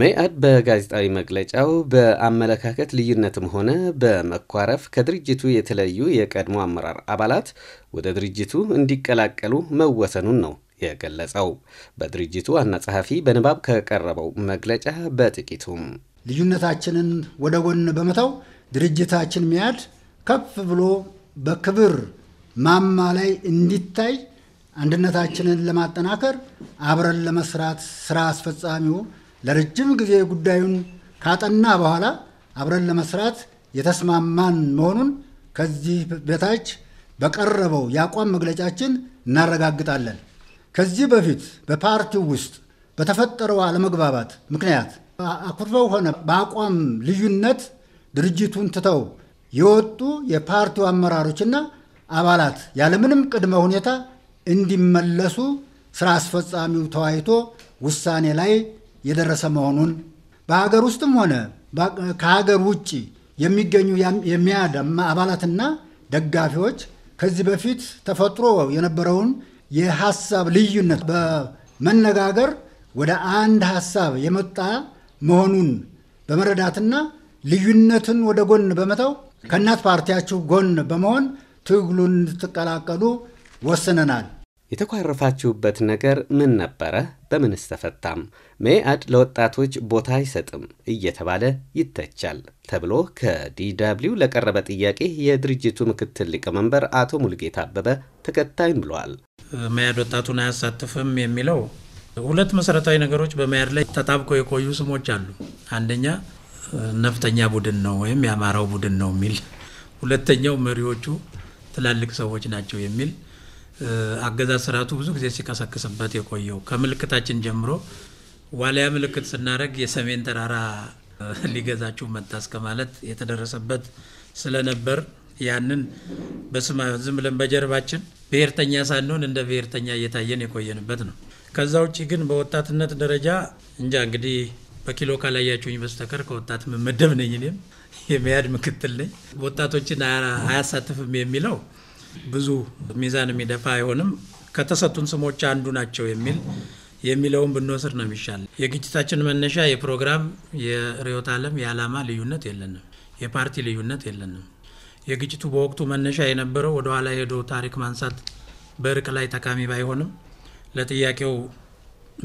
መኢአድ በጋዜጣዊ መግለጫው በአመለካከት ልዩነትም ሆነ በመኳረፍ ከድርጅቱ የተለዩ የቀድሞ አመራር አባላት ወደ ድርጅቱ እንዲቀላቀሉ መወሰኑን ነው የገለጸው። በድርጅቱ ዋና ጸሐፊ በንባብ ከቀረበው መግለጫ በጥቂቱም ልዩነታችንን ወደ ጎን በመተው ድርጅታችን መኢአድ ከፍ ብሎ በክብር ማማ ላይ እንዲታይ አንድነታችንን ለማጠናከር አብረን ለመስራት ስራ አስፈጻሚው ለረጅም ጊዜ ጉዳዩን ካጠና በኋላ አብረን ለመስራት የተስማማን መሆኑን ከዚህ በታች በቀረበው የአቋም መግለጫችን እናረጋግጣለን። ከዚህ በፊት በፓርቲው ውስጥ በተፈጠረው አለመግባባት ምክንያት አኩርፈው ሆነ በአቋም ልዩነት ድርጅቱን ትተው የወጡ የፓርቲው አመራሮችና አባላት ያለምንም ቅድመ ሁኔታ እንዲመለሱ ስራ አስፈጻሚው ተወያይቶ ውሳኔ ላይ የደረሰ መሆኑን በሀገር ውስጥም ሆነ ከሀገር ውጭ የሚገኙ የሚያደም አባላትና ደጋፊዎች ከዚህ በፊት ተፈጥሮ የነበረውን የሀሳብ ልዩነት በመነጋገር ወደ አንድ ሀሳብ የመጣ መሆኑን በመረዳትና ልዩነትን ወደ ጎን በመተው ከእናት ፓርቲያችሁ ጎን በመሆን ትግሉን እንድትቀላቀሉ ወስነናል። የተኳረፋችሁበት ነገር ምን ነበረ? በምንስ ተፈታም? መኢአድ ለወጣቶች ቦታ አይሰጥም እየተባለ ይተቻል ተብሎ ከዲደብሊው ለቀረበ ጥያቄ የድርጅቱ ምክትል ሊቀመንበር አቶ ሙልጌታ አበበ ተከታይም ብለዋል። መኢአድ ወጣቱን አያሳትፍም የሚለው ሁለት መሰረታዊ ነገሮች በመኢአድ ላይ ተጣብቀው የቆዩ ስሞች አሉ። አንደኛ ነፍጠኛ ቡድን ነው ወይም የአማራው ቡድን ነው የሚል፣ ሁለተኛው መሪዎቹ ትላልቅ ሰዎች ናቸው የሚል አገዛዝ ስርዓቱ ብዙ ጊዜ ሲቀሰቅስበት የቆየው ከምልክታችን ጀምሮ ዋልያ ምልክት ስናደርግ የሰሜን ተራራ ሊገዛችሁ መጣ እስከ ማለት የተደረሰበት ስለነበር ያንን በስማ ዝም ብለን በጀርባችን ብሔርተኛ ሳንሆን እንደ ብሔርተኛ እየታየን የቆየንበት ነው። ከዛ ውጭ ግን በወጣትነት ደረጃ እንጃ እንግዲህ በኪሎ ካላያችሁኝ በስተቀር ከወጣት መመደብ ነኝ። እኔም የሚያድ ምክትል ነኝ። ወጣቶችን አያሳትፍም የሚለው ብዙ ሚዛን የሚደፋ አይሆንም። ከተሰጡን ስሞች አንዱ ናቸው የሚል የሚለውን ብንወስድ ነው የሚሻል። የግጭታችን መነሻ የፕሮግራም የሪዮት አለም የዓላማ ልዩነት የለንም። የፓርቲ ልዩነት የለንም። የግጭቱ በወቅቱ መነሻ የነበረው ወደኋላ ሄዶ ታሪክ ማንሳት በእርቅ ላይ ጠቃሚ ባይሆንም ለጥያቄው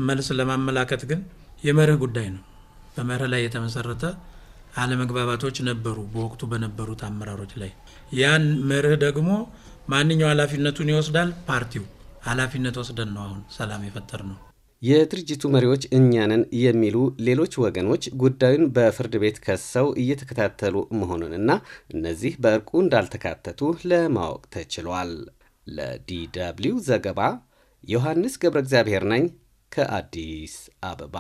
መልስ ለማመላከት ግን የመርህ ጉዳይ ነው። በመርህ ላይ የተመሰረተ አለመግባባቶች ነበሩ በወቅቱ በነበሩት አመራሮች ላይ ያን መርህ ደግሞ ማንኛው ኃላፊነቱን ይወስዳል? ፓርቲው ኃላፊነት ወስደን ነው አሁን ሰላም የፈጠር ነው። የድርጅቱ መሪዎች እኛንን የሚሉ ሌሎች ወገኖች ጉዳዩን በፍርድ ቤት ከሰው እየተከታተሉ መሆኑንና እነዚህ በእርቁ እንዳልተካተቱ ለማወቅ ተችሏል። ለዲደብሊው ዘገባ ዮሐንስ ገብረ እግዚአብሔር ነኝ ከአዲስ አበባ